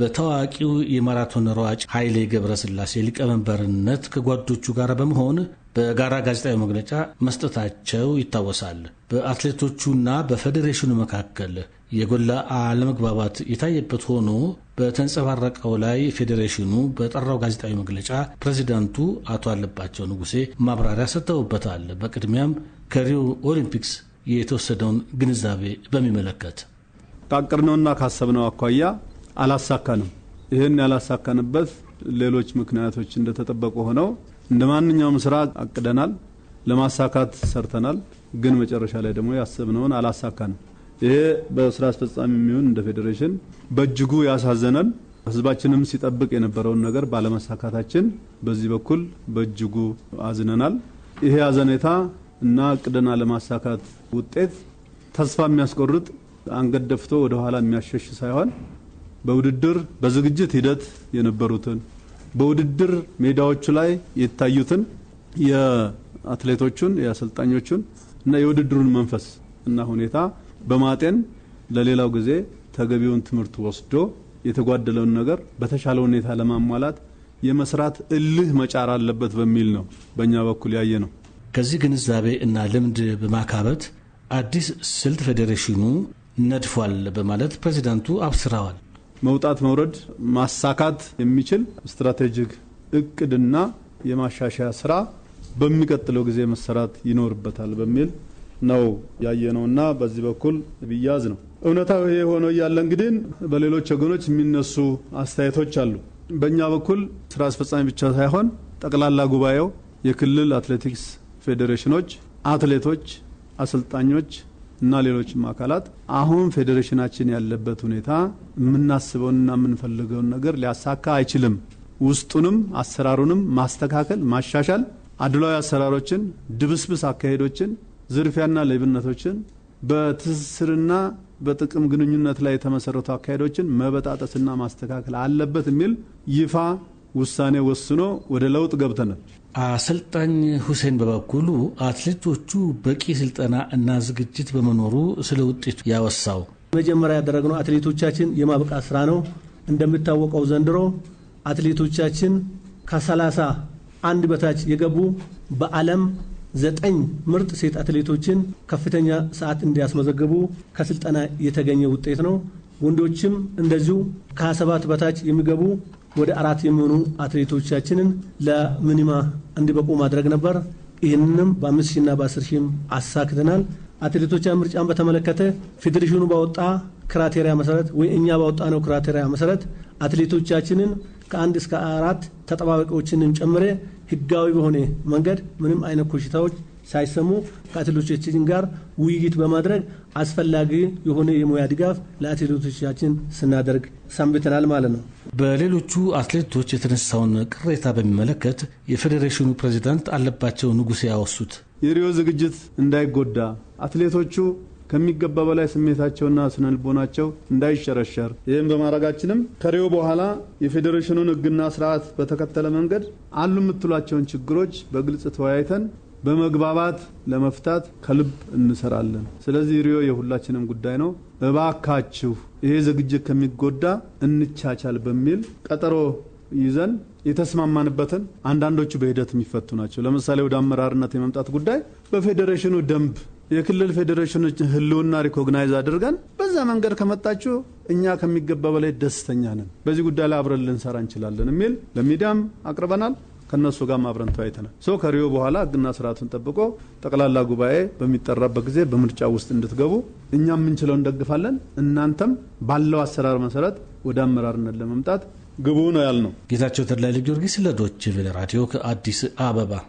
በታዋቂው የማራቶን ሯጭ ኃይሌ ገብረስላሴ ሊቀመንበርነት ከጓዶቹ ጋር በመሆን በጋራ ጋዜጣዊ መግለጫ መስጠታቸው ይታወሳል። በአትሌቶቹና በፌዴሬሽኑ መካከል የጎላ አለመግባባት የታየበት ሆኖ በተንጸባረቀው ላይ ፌዴሬሽኑ በጠራው ጋዜጣዊ መግለጫ ፕሬዚዳንቱ አቶ አለባቸው ንጉሴ ማብራሪያ ሰጥተውበታል። በቅድሚያም ከሪዮ ኦሊምፒክስ የተወሰደውን ግንዛቤ በሚመለከት ካቀድነውና ካሰብነው አኳያ አላሳካንም። ይህን ያላሳካንበት ሌሎች ምክንያቶች እንደተጠበቁ ሆነው እንደ ማንኛውም ስራ አቅደናል፣ ለማሳካት ሰርተናል። ግን መጨረሻ ላይ ደግሞ ያሰብነውን አላሳካንም። ይሄ በስራ አስፈጻሚ የሚሆን እንደ ፌዴሬሽን በእጅጉ ያሳዘነን ህዝባችንም ሲጠብቅ የነበረውን ነገር ባለመሳካታችን በዚህ በኩል በእጅጉ አዝነናል። ይሄ አዘኔታ እና እቅድና ለማሳካት ውጤት ተስፋ የሚያስቆርጥ አንገት ደፍቶ ወደኋላ የሚያሸሽ ሳይሆን በውድድር በዝግጅት ሂደት የነበሩትን በውድድር ሜዳዎቹ ላይ የታዩትን የአትሌቶቹን የአሰልጣኞቹን እና የውድድሩን መንፈስ እና ሁኔታ በማጤን ለሌላው ጊዜ ተገቢውን ትምህርት ወስዶ የተጓደለውን ነገር በተሻለ ሁኔታ ለማሟላት የመስራት እልህ መጫር አለበት በሚል ነው በእኛ በኩል ያየ ነው። ከዚህ ግንዛቤ እና ልምድ በማካበት አዲስ ስልት ፌዴሬሽኑ ነድፏል በማለት ፕሬዚዳንቱ አብስረዋል። መውጣት መውረድ ማሳካት የሚችል ስትራቴጂክ እቅድና የማሻሻያ ስራ በሚቀጥለው ጊዜ መሰራት ይኖርበታል በሚል ነው ያየነውና በዚህ በኩል ብያዝ ነው። እውነታው ይሄ የሆነው እያለ እንግዲህ በሌሎች ወገኖች የሚነሱ አስተያየቶች አሉ። በእኛ በኩል ስራ አስፈጻሚ ብቻ ሳይሆን ጠቅላላ ጉባኤው፣ የክልል አትሌቲክስ ፌዴሬሽኖች፣ አትሌቶች፣ አሰልጣኞች እና ሌሎችም አካላት አሁን ፌዴሬሽናችን ያለበት ሁኔታ የምናስበውንና የምንፈልገውን ነገር ሊያሳካ አይችልም። ውስጡንም አሰራሩንም ማስተካከል፣ ማሻሻል፣ አድሏዊ አሰራሮችን፣ ድብስብስ አካሄዶችን፣ ዝርፊያና ሌብነቶችን፣ በትስስርና በጥቅም ግንኙነት ላይ የተመሰረቱ አካሄዶችን መበጣጠስና ማስተካከል አለበት የሚል ይፋ ውሳኔ ወስኖ ወደ ለውጥ ገብተናል። አሰልጣኝ ሁሴን በበኩሉ አትሌቶቹ በቂ ስልጠና እና ዝግጅት በመኖሩ ስለ ውጤቱ ያወሳው መጀመሪያ ያደረግነው አትሌቶቻችን የማብቃት ስራ ነው። እንደሚታወቀው ዘንድሮ አትሌቶቻችን ከሰላሳ አንድ በታች የገቡ በዓለም ዘጠኝ ምርጥ ሴት አትሌቶችን ከፍተኛ ሰዓት እንዲያስመዘግቡ ከስልጠና የተገኘ ውጤት ነው። ወንዶችም እንደዚሁ ከሰባት በታች የሚገቡ ወደ አራት የሚሆኑ አትሌቶቻችንን ለሚኒማ እንዲበቁ ማድረግ ነበር። ይህንንም በአምስት ሺና በአስር ሺም አሳክተናል። አትሌቶች ምርጫን በተመለከተ ፌዴሬሽኑ ባወጣ ክራቴሪያ መሰረት ወይ እኛ ባወጣ ነው ክራቴሪያ መሰረት አትሌቶቻችንን ከአንድ እስከ አራት ተጠባባቂዎችንም ጨምሬ ህጋዊ በሆነ መንገድ ምንም አይነት ኮሽታዎች ሳይሰሙ ከአትሌቶቻችን ጋር ውይይት በማድረግ አስፈላጊ የሆነ የሙያ ድጋፍ ለአትሌቶቻችን ስናደርግ ሰንብተናል ማለት ነው። በሌሎቹ አትሌቶች የተነሳውን ቅሬታ በሚመለከት የፌዴሬሽኑ ፕሬዚዳንት አለባቸው ንጉሴ ያወሱት የሪዮ ዝግጅት እንዳይጎዳ አትሌቶቹ ከሚገባ በላይ ስሜታቸውና ስነልቦናቸው እንዳይሸረሸር ይህም በማድረጋችንም ከሪዮ በኋላ የፌዴሬሽኑን ሕግና ስርዓት በተከተለ መንገድ አሉ የምትሏቸውን ችግሮች በግልጽ ተወያይተን በመግባባት ለመፍታት ከልብ እንሰራለን። ስለዚህ ሪዮ የሁላችንም ጉዳይ ነው። እባካችሁ ይሄ ዝግጅት ከሚጎዳ እንቻቻል በሚል ቀጠሮ ይዘን የተስማማንበትን አንዳንዶቹ በሂደት የሚፈቱ ናቸው። ለምሳሌ ወደ አመራርነት የመምጣት ጉዳይ በፌዴሬሽኑ ደንብ የክልል ፌዴሬሽኖች ህልውና ሪኮግናይዝ አድርገን በዛ መንገድ ከመጣችሁ እኛ ከሚገባ በላይ ደስተኛ ነን። በዚህ ጉዳይ ላይ አብረን ልንሰራ እንችላለን የሚል ለሚዲያም አቅርበናል። ከነሱ ጋር አብረን ተወያይተናል። ሶ ከሪዮ በኋላ ህግና ስርዓቱን ጠብቆ ጠቅላላ ጉባኤ በሚጠራበት ጊዜ በምርጫ ውስጥ እንድትገቡ እኛም የምንችለው እንደግፋለን። እናንተም ባለው አሰራር መሰረት ወደ አመራርነት ለመምጣት ግቡ ነው ያልነው። ጌታቸው ተድላ ጊዮርጊስ ለዶች ቬለ ራዲዮ ከአዲስ አበባ